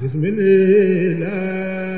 bismillah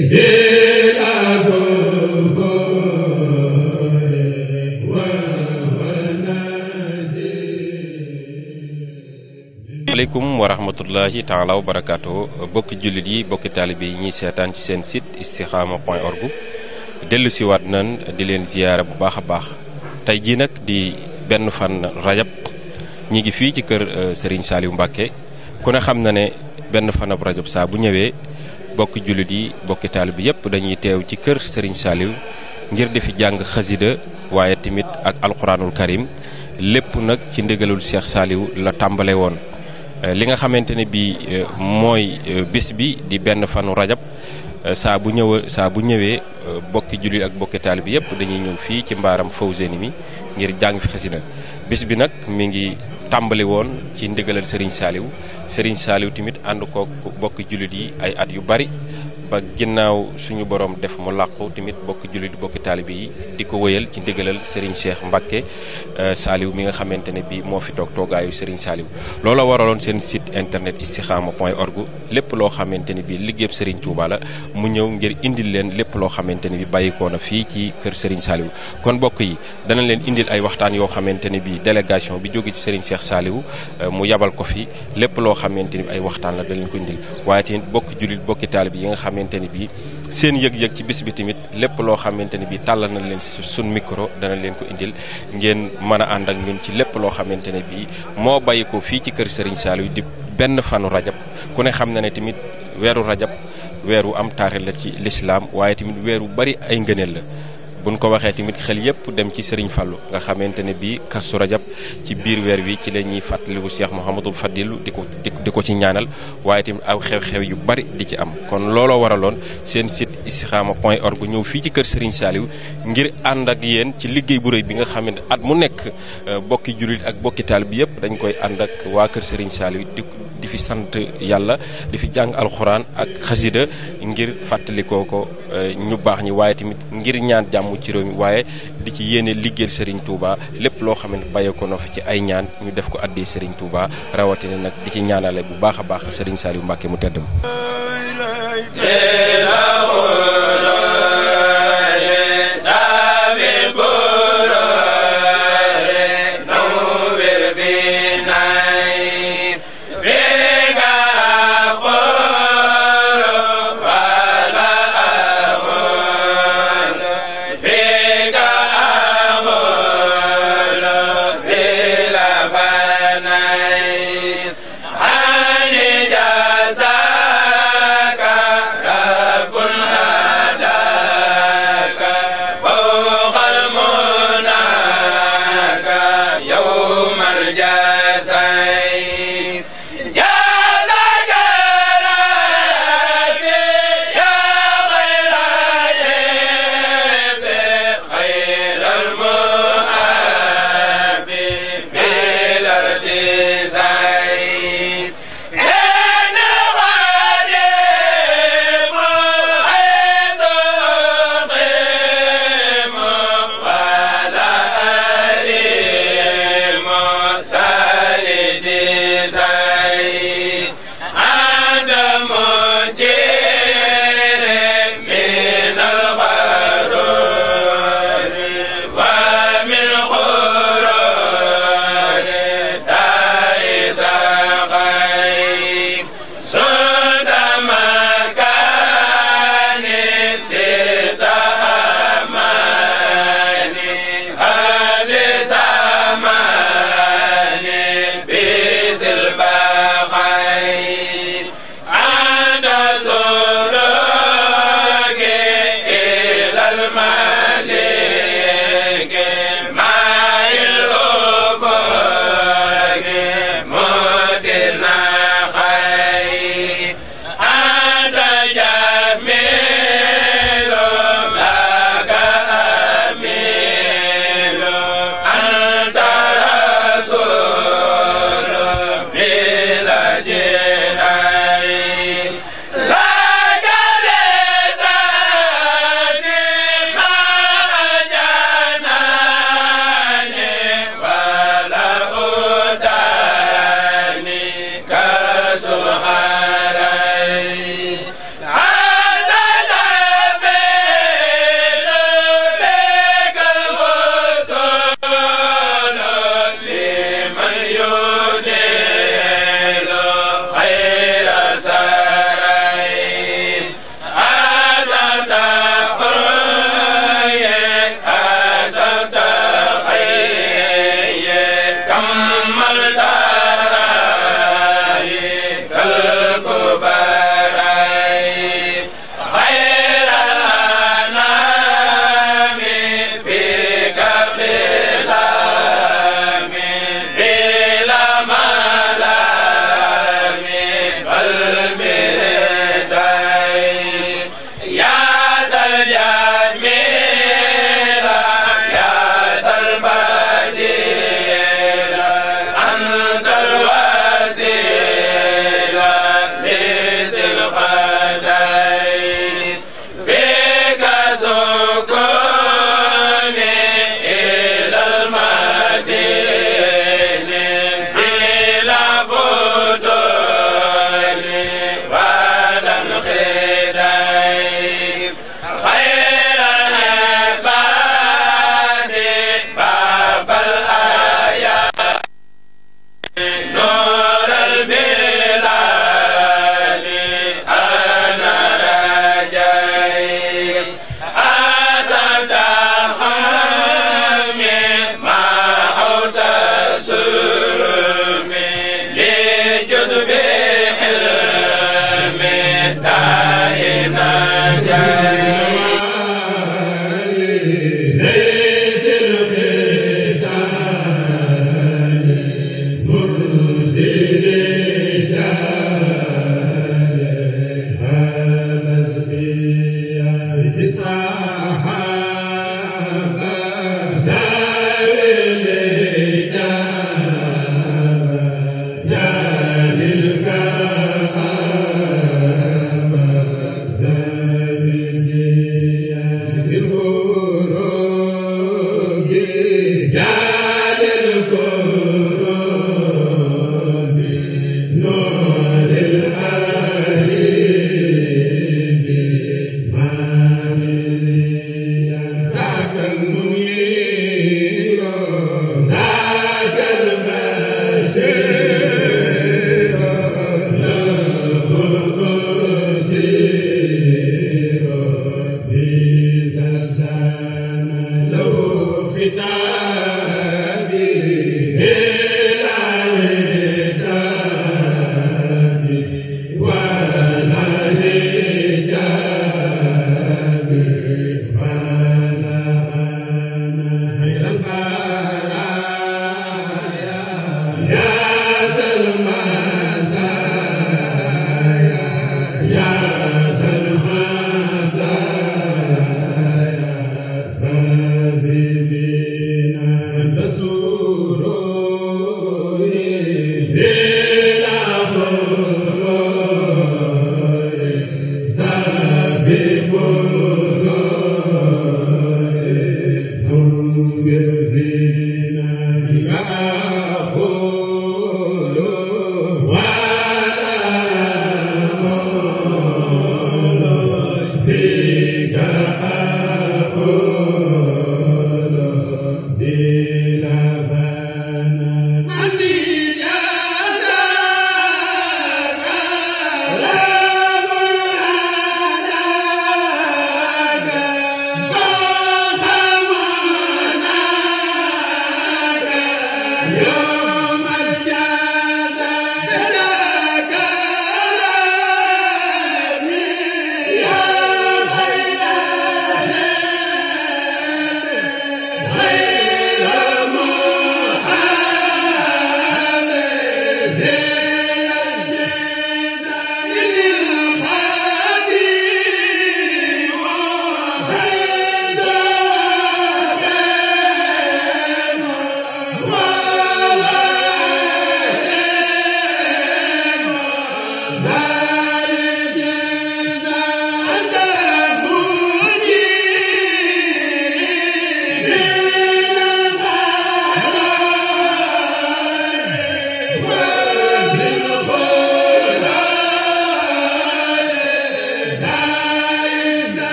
aleykum wa rahmatullahi taala wa bokki jullit yi bokki taalibe yi ñuy seetaan ci seen site istikhama point org dellu waat nan di leen ziyaara bu baax a baax tey jii nag di benn fan rajab ñi ngi fii ci kër euh, sëriñ Saliou Mbacke ku ne xam na ne benn fanab rajab saa bu ñëwee bokki jullit yi bokki taalib yépp dañuy teew ci kër Serigne Saliou ngir defi jàng xasida waaye tamit ak alxuraanul karim lépp nag ci ndigalul Cheikh saaliw la tàmbale woon eh, li nga xamante ne bi eh, mooy eh, bis bi di benn fanu rajab saa bu ñëw saa bu ñëwee bokki jullit ak bokki taalib yépp dañuy ñëw fii ci mbaaram Fawzeyni mi ngir jàng fi xasida bis bi nag mi ngi tàmbali woon ci ndigalal Serigne Saliou Serigne Saliou tamit ànd ko bokk jullit yi ay at yu bari ba ginnaaw suñu borom def mu làqu tamit bokk jullit bokk taalibe yi di ko wëyal ci ndigalal Serigne Cheikh mbakke euh, Saliou mi nga xamante ne bii moo fi toog toogaayu Serigne Saliou looloo waraloon seen site internet istikhama point org lépp loo xamante ne bii liggéeyub Serigne Touba la mu ñëw ngir indil leen lépp loo xamante ne bi bàyyikoo na fii ci kër Serigne Saliou kon bokk yi danañ leen indil ay waxtaan yoo xamante ne bii délégation bi jóge ci sëriñ Cheikh Saliou euh, mu yabal ko fi lépp loo xamante ne ay waxtaan la danañ ko indil xamante bii seen yëg-yëg ci bis bi tamit lépp loo xamante ni bii tàllal nañ leen si suñ micro dana leen ko indil ngeen mën a ànd ak ñun ci lépp loo xamante ne bii moo bàyyi ko fii ci kër Serigne Saliou di benn fanu rajab ku ne xam na ne tamit weeru rajab weeru am taarix la ci lislaam waaye tamit weeru bari ay ngëneel la buñ ko waxee tamit xel yëpp dem ci Serigne Fallou nga xamante ne bii Kazu Rajab ci biir weer wi ci la ñuy fàttaliku Cheikh Mouhamadul Fadil di ko di ko ci ñaanal waaye tamit aw xew-xew yu bari di ci am kon looloo waraloon seen site istikhama point org ñëw fii ci kër Serigne saaliw ngir ànd ak yéen ci liggéey bu rëy bi nga xamante at mu nekk euh, bokki jullit ak bokki taal bi yëpp dañ koy ànd ak waa kër Serigne Saliou di di fi sant yàlla di fi jàng alxuraan ak xasida ngir fàttalikoo ko eh, ñu baax ñi waaye tamit ngir ñaan jàmm ci réew mi waaye di ci yéene liggéeyal Serigne Touba lépp loo xam ne bàyyee ko noo ci ay ñaan ñu def ko addee Serigne Touba rawatina nag di ci ñaanale bu baax a baax Serigne Saliou Mbacké mu tedd ma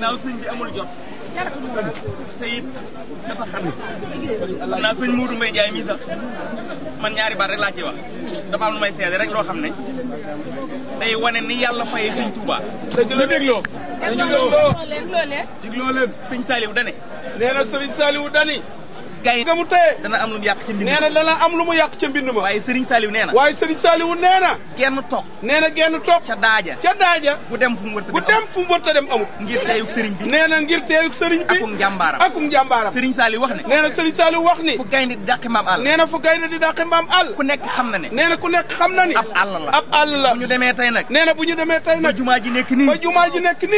ginnaaw sëñ bi amul jot. te it dafa xam ne. am naa sëñ Mourou Mbaye Ndiaye mii sax man ñaari baat rek laa ciy wax dafa am lu may seede rek loo xam ne day wane ni yàlla fayee sëñ Touba. dëgg la dégloo. dégloo leen sëñ Saliou Dane. nee na sëñ Saliou gay nga mu teye dana am lu mu yàq mu yàq ca mbind ma waaye Serigne Saliou nee na waaye na genn toog nee na genn toog ca daaja gu dem fu mu wërta gu dem fu mu wërta dem amul ngir teeyug Serigne bi nee na ngir teeyug Serigne bi akum njàmbaaram akum njàmbaaram Serigne Saliou wax ne nee na Serigne Saliou wax ni fu gaynde di dàqi mbaam àll nee na fu gaynde di dàqi mbaam àll ku nekk xam na ne nee ku nekk xam na ni ab àll la ab àll la bu ñu demee tey nag nee na bu ñu demee tey nag ba jumaa ji nekk nii ba jumaa ji nekk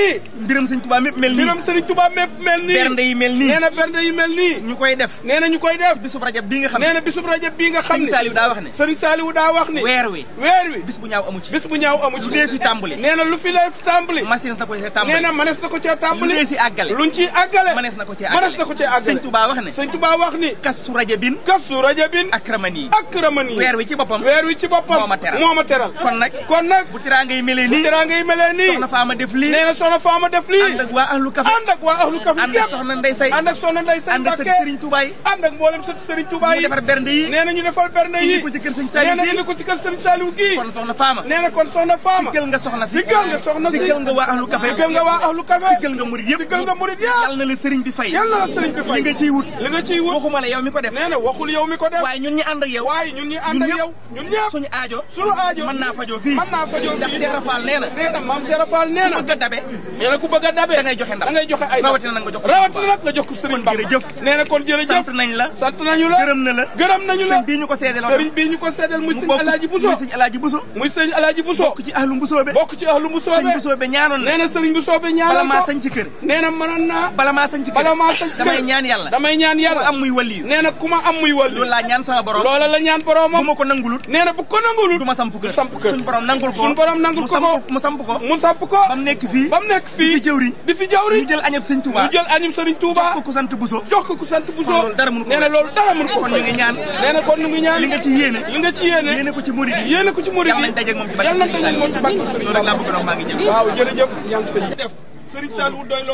ñu koy def nee ñu koy def bisub rajab bii nga xam ne bisub rajab bii nga xam ne Serigne Saliou daa wax ne Serigne Saliou daa wax ne weer wi weer wi bis ñaaw amu ci lu dee fi tàmbali nee na ko cee tàmbali nee na manees na ko cee tàmbali lu ñu si àggale luñ ciy na ko cee wax ne Sëñ Touba wax ni kasu rajabin kasu rajabin akramani akramani weer wi ci boppam weer wi ci boppam moo ma teral moo ma teral kon nag bu tiraanga yi melee soxna faama def lii nee na soxna def lii ànd soxna Ndey ànd ak mboolem sët Serigne Touba na ñu na indi ko ci kër Serigne Saliou gii kon soxna Faama na kon soxna Faama na la Serigne bi fay li nga ciy wut waxuma la yow mi ko def waaye ñun ñi ànd ak yow suñu aajo suñu aajo mën naa fajoo fii mën naa fajoo fii ndax a dabe nee a dabe joxe ndam rawatina nag nga jox ko Serigne Bamba nee nañ sant nañu gërëm na la gërëm nañu la sëriñ bii ñu ko alaaji buso muy sëñ alaaji buso muy sëñ alaaji buso bokk ci ahlu busoobe bokk ci ahlu busoobe sëñ bala maa sañ ci kër nee bala maa sañ ci kër bala maa sañ ci kër am muy wàlliyu nee na am muy wàlliyu loolu ñaan sama borom loola la ñaan boromam bu nangulut nee na nangulut du ma samp mu samp ko mu samp bam nekk fii bam nekk fii di fi jëwriñ dara mënu ko nee na loolu dara mënu ko kon ñu ngi ñaan nee na kon ñu ngi ñaan li nga ci yéene li nga ci yéene yéene ko ci murid yi yéene ko ci murid yi yàlla nañ dajeeg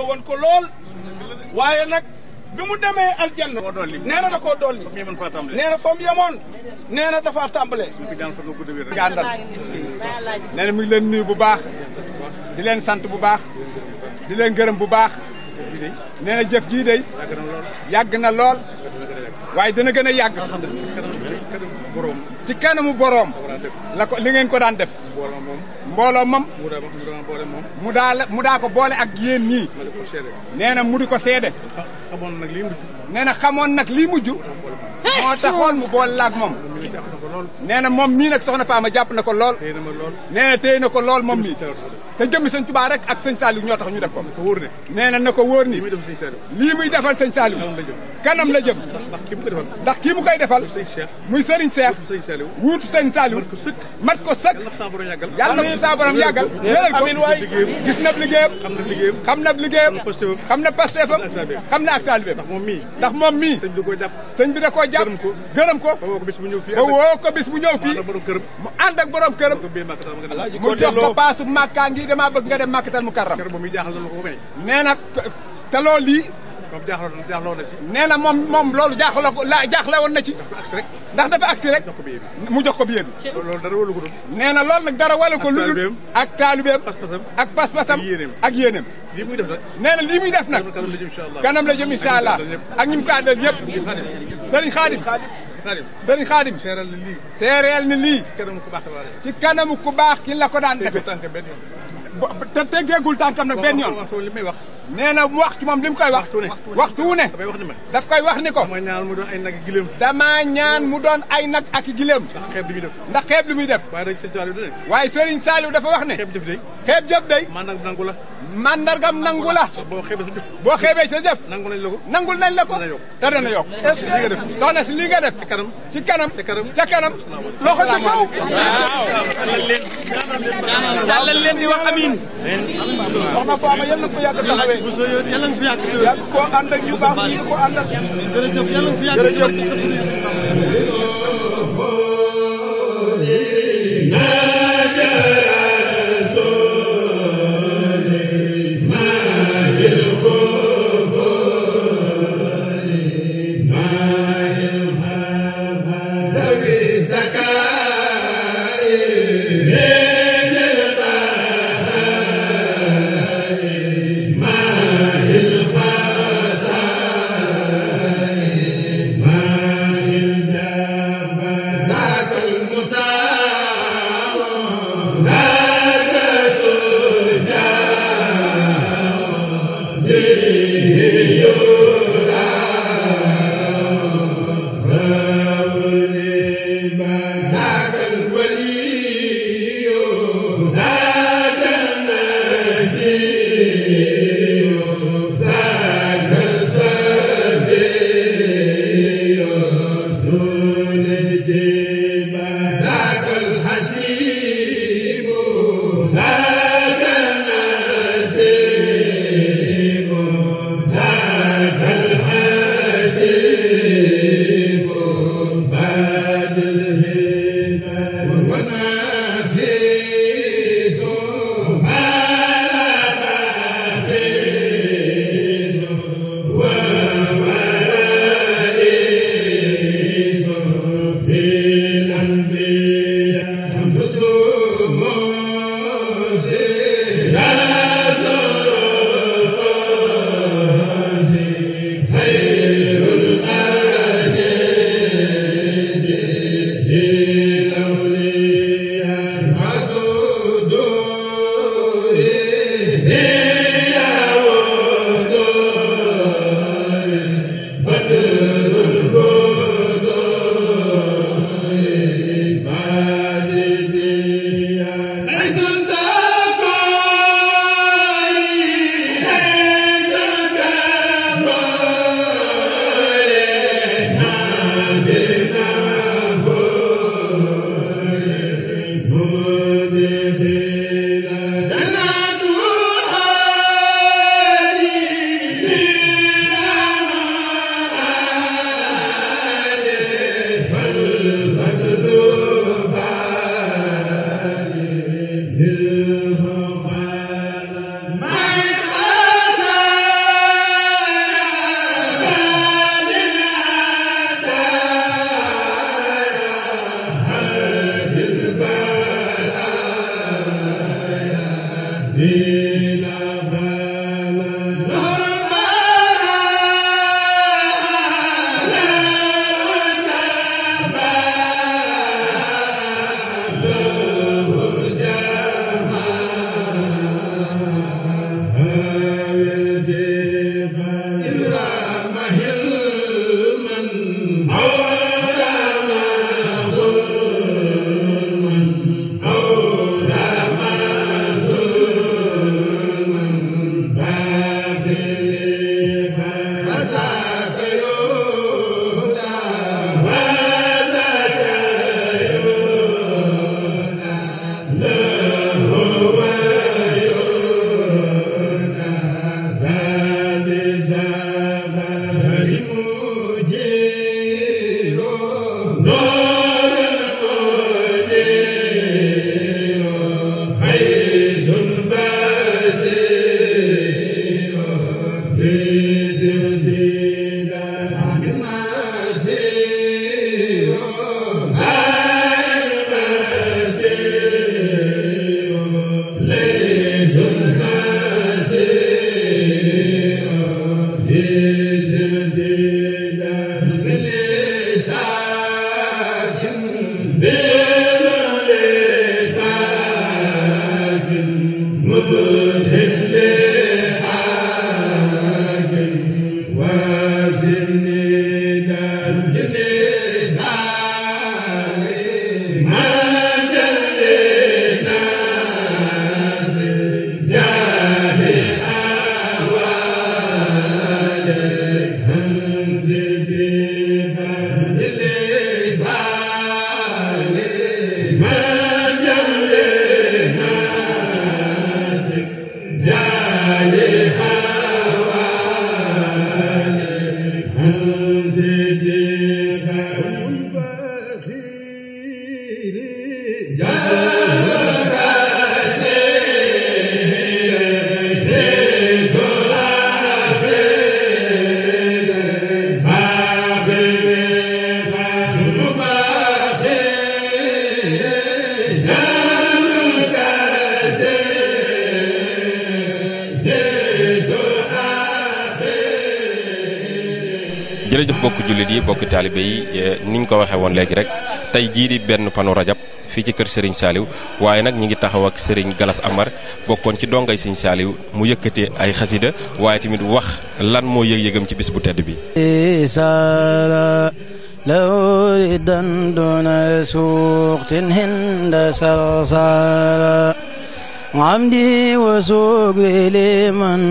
woon ko lool waaye nag mu demee aljanna da koo dolli di leen sant bu di leen gërëm bu nee na jëf jii day yàgg na lool waaye dana gën a yàgg ci kanamu boroom la ko li ngeen ko daan def mbooloo mam mu daa mu daa ko boole ak yéen ñii nee na mu di ko seede nee na xamoon nag lii mujj moo taxoon mu boole la moom nee na moom mii nag soxna Faama jàpp na ko lool nee na téye ko lool moom mii te jëmmi sëñ Tuubaa rek ak sëñ Saaliw ñoo tax ñu def ko nee na ko wóor ni lii defal sëñ Saaliw kanam la ndax kii mu koy defal muy sëriñ Seex wuutu sëñ Saaliw mat ko sëkk yàlla na ko saa borom yàggal yëral ko gis na liggéeyam xam na liggéeyam xam na pasteefam xam na ak taalibeem ndax moom mii sëñ bi da koo jàpp gërëm ko ba woo jox ko bis mu ñëw fii mu ànd ak borom mu jox paasu màkkaa ngi damaa bëgg nga dem mu karram nee na te moom jaaxaloon jaaxaloon na ci. nee na moom loolu jaaxaloo ko la jaaxle woon na ci. ndax dafa agsi rek. mu jox ko billet bi. loolu dara walu ko doon. nee na loolu nag dara walu ko. ak taalibeem ak pas ak yéeneem. lii muy def kanam la jëm incha allah ak ñi mu ko àndal ñëpp. sëriñ Xaadim sëriñ Xaadim seereel ni lii. ci kanamu ku baax ki la ko daan defee. te teggeegul tànkam nag benn yoon. nee na mu wax ci moom li mu koy wax. waxtu wu ne daf koy wax ni ko. dama ñaan mu doon ay nag ak gileem. dama ñaan mu doon ay nag ak ndax xeeb li muy def. ndax xeeb li muy def. waaye Serigne Saliou dafa wax ne. xeeb jëf day. xeeb jëf day. mandargam nangu la. la. boo xeebee sa jëf. boo xeebee sa jëf. nangul nañ la ko. nangul nañ la ko. te dana yokk est-ce que li nga def. soxna si li nga def. ci kanam ci kanam. ca kanam. loxo ci kaw. waaw. Bousso yow yàlla nga fi yàgg te yàgg ko ànd ak ñu baax ñi ko àndal jërëjëf yàlla nga fi yàgg jërëjëf bokk jullit yi bokk taalibe yi e, niñ ko waxee woon léegi rek tey jii di benn fanu rajab fii ci kër Serigne Saliou waaye nag ñi ngi taxaw ak Serigne Galas Amar bokkoon ci dongay Serigne Saliou mu yëkkatee ay xasida waaye tamit wax lan moo yëg-yëgam ci bis bu tedd bi sara law dan duna suuxtin hinda sarsara amdi wa suug li man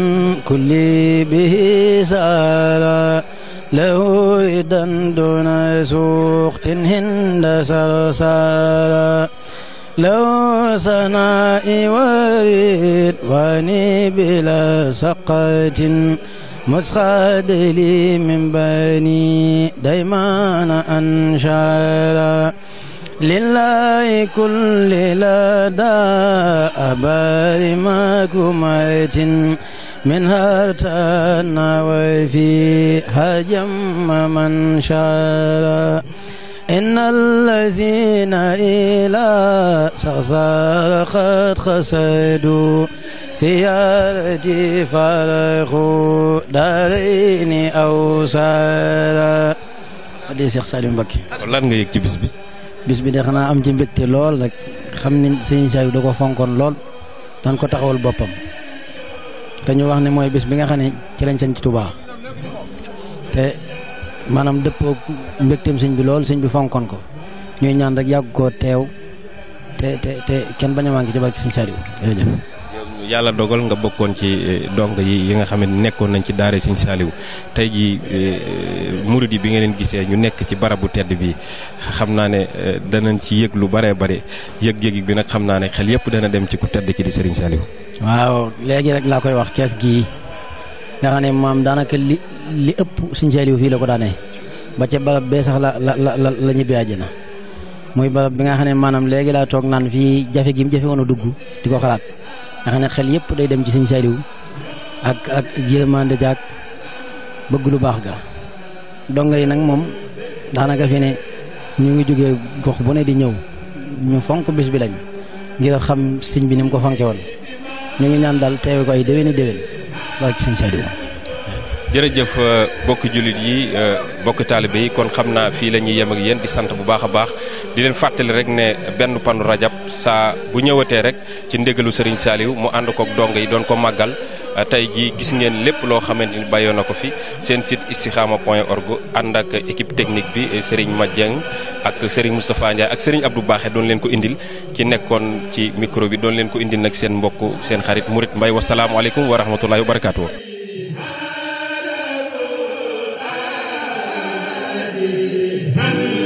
kulli bihi sara له إذا دون سوخت هند سلسلا لو سناء وريد واني بلا سقات مسخد لي من بني ديمان أنشالا لله كل لدى أبار ما كميت منها أتانا وفيها جم من شاء إن الذين إلى سغسار قد خسدوا سيارتي فرقوا دارين أو سارا di Seex Saliou Mbacké lan nga yëg ci bis bi bis bi am ci mbégte lool rek xam ni Sëñ Saliou da ko fonkoon lool daan ko taxawal boppam te ñu wax ne mooy bis bi nga xam ne ci lañ sañ ci Touba te maanaam dëppook mbégteem sëñ bi lool sëñ bi fonkoon ko ñuy ñaan rek yàgg ko teew te te te kenn bañ a manqué ci barke sëñ Saliou jërëjëf yàlla dogal nga bokkoon ci e, dong yi yi nga xam nekkoon nañ ci daare sëñ Saliou tey jii e, murid yi bi nga leen gisee ñu nekk ci barab bu tedd bi xam naa ne e, danañ ci yëg lu baree bare yëg-yëg bi nag xam naa ne xel yëpp dana dem ci ku tedd ki di Serigne Saliou waaw léegi rek laa koy wax kees gii nga xam ne maam daanaka li li ëpp suñ Saaliw fii la ko daane ba ca barab bee sax la la la la ñibbi na muy barab bi nga xam ne maanaam léegi laa toog naan fii jafe gi mu jafe woon a dugg di ko xalaat nga xam ne xel yëpp day dem ci suñ Saaliw ak ak yërmande jaak bëgg lu baax ga donga yi nag moom daanaka fi ne ñu ngi jógee gox bu ne di ñëw ñu fonk bis bi lañ ngir xam sëñ bi ni mu ko fonke woon ñu ngi ñaan daal teewe ko ay déwéni déwén loolu ci jërëjëf euh, bokki jullit yi euh, bokki taalibe yi kon xam naa fii la ñuy yem ak yéen di sant bu baax a baax di leen fàttali rek ne benn panu rajab saa bu ñëwatee rek ci ndégalu Serigne Saliou mu ànd kook dong yi doon ko màggal Euh, tey jii gis ngeen lépp loo xamante ni bayoon na ko fi seen site istikhama point org ànd ak équipe technique bi euh, Serigne Madieng ak sëriñ Moustapha Ndiaye ak Serigne Abdou Baaxe doon leen ko indil ci nekkoon ci micro bi doon leen ko indil nag seen mbokk seen xarit Murit Mbay wasalaamualeykum wa rahmatullahi wa barakaatu. Amen.